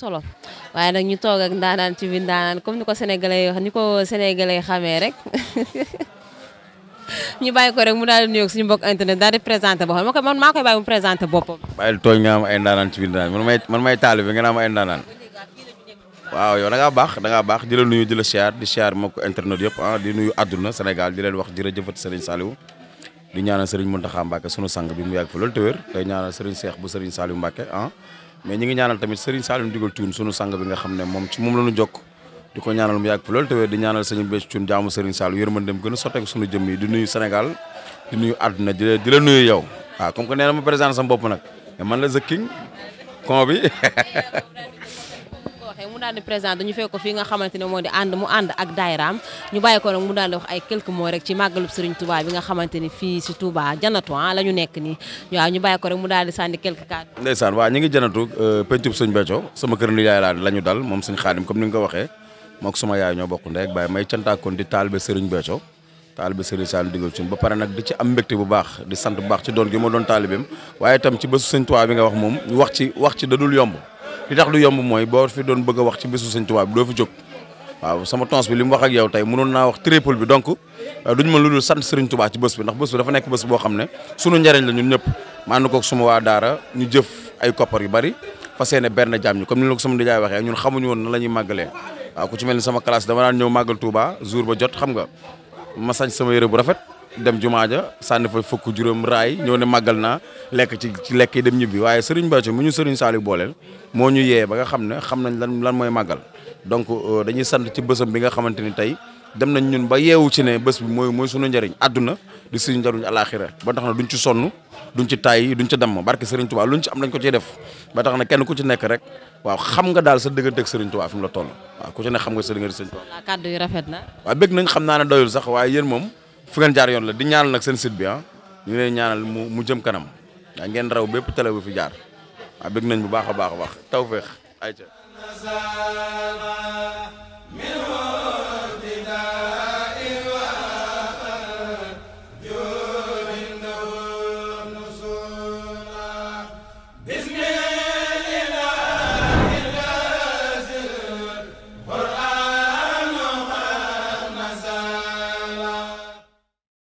solo waaye nag ñi toog ak ndaanaan ci biir ndaanaan comme ni ko sénégalais ni ko sénégalais xamee rek ñu bàyyi ko rek mu daal di nuyoog suñu mbokk internet daal di présenté boppam ma ko man maa koy mu présenté boppam. bàyyil tooñ nga am ay ndaanaan ci biir ndaanaan man may man may taalibe bi ay ndaanaan waaw yow da baax da baax di la nuyu di la siyaar di siyaar mbokk internet yëpp ah di nuyu àdduna Sénégal di leen wax jërëjëfat Serigne Saliou di ñaanal Serigne Mountakha Mbacké sunu sang bi mu yàgg fa loolu te wér tey ñaanal Serigne Cheikh bu Serigne Saliou Mbacké ah mais ñi ngi ñaanal tamit Serigne Saloum Digal Thioune sunu sang bi nga xam ne moom ci moom la ñu jokk di ko ñaanal mu yàgg fi loolu te di ñaanal sëñ Béthio Thioune jaamu Serigne Saloum yërmandem gën a sotteeku sunu jëm yi di nuyu Sénégal di nuyu àdduna di di la nuyu yow waaw comme que nee na ma président sama nag man la The King kon bi mu daal di présent dañu fekk ko fii nga xamante ne moo di ànd mu ànd ak daayiraam ñu bàyyi ko nag mu daal di wax ay quelques mots rek ci màggalub Serigne Touba bi nga xamante ni fii si Touba janatu ah, la ñu nekk nii waaw di sànni quelques cadres. ndeysaan waaw ñu ngi janatu euh, pencub sëñ Béthio sama kër la ñu dal moom sëñ Xaadim comme ni nga ko waxee mook sama yaay ñoo bokk ndey ak baay may cantaakoon di taalibe Serigne Béthio taalibe ba pare nag ci am mbégte bu baax di sant bu baax ci doon gi ma doon taalibeem waaye tam ci bésu sëñ Touba bi nga wax moom wax ci wax ci dadul yomb li tax du yomb mooy boo fi doon bëgg wax ci bésu sëñ Tuubaa bi doo fi jóg waaw sama tons bi li mu wax ak yow tey mënoon naa wax triple bi donc euh, duñ ma lu dul sant sëriñ Tuubaa ci bés bi ndax bés bi dafa nekk bés boo xam ne sunu njariñ la ñun ñëpp ma ànd koog suma waa daara ñu jëf ay koppar yu bari fas yéene benn jàmm ñu comme ni la ko sama nijaay waxee ñun xamuñu woon na la ñuy màggalee waaw ku ci mel ni sama classe dama daan ñëw màggal Tuubaa jour ba jot xam nga ma sañ sama yére bu rafet dem jumaa ja sànni fa fukk juróom raay ñëw ne màggal naa lekk ci ci lekk yi dem ñibbi waaye Serigne Bacso mu ñu Serigne Saliou booleel moo ñu yee ba nga xam ne xam nañ lan lan mooy màggal donc euh, dañuy sant ci bësam bi nga xamante ni tey dem nañ ñun ba yeewu ci ne bés bi mooy mooy sunu njëriñ àdduna di suñu njëriñ alaxira ba tax na duñ ci sonn duñ ci tàyyi duñ ci damm barke Serigne Touba luñ ci am lañ ko ciy def ba tax na kenn ku ci nekk rek waaw xam nga daal sa dëgganteeg Serigne Touba la toll waaw ku xam nga sa dëgganteeg Serigne Touba. xam naa ne doyul sax waaye yéen moom fu ngeen jaar yoon la di ñaanal nag seen site bi ah ñu ngi leen ñaanal mu mu jëm kanam daa ngeen raw bépp télé bu fi jaar a bëgg nañ bu baax a baax a baax tawfeex ayca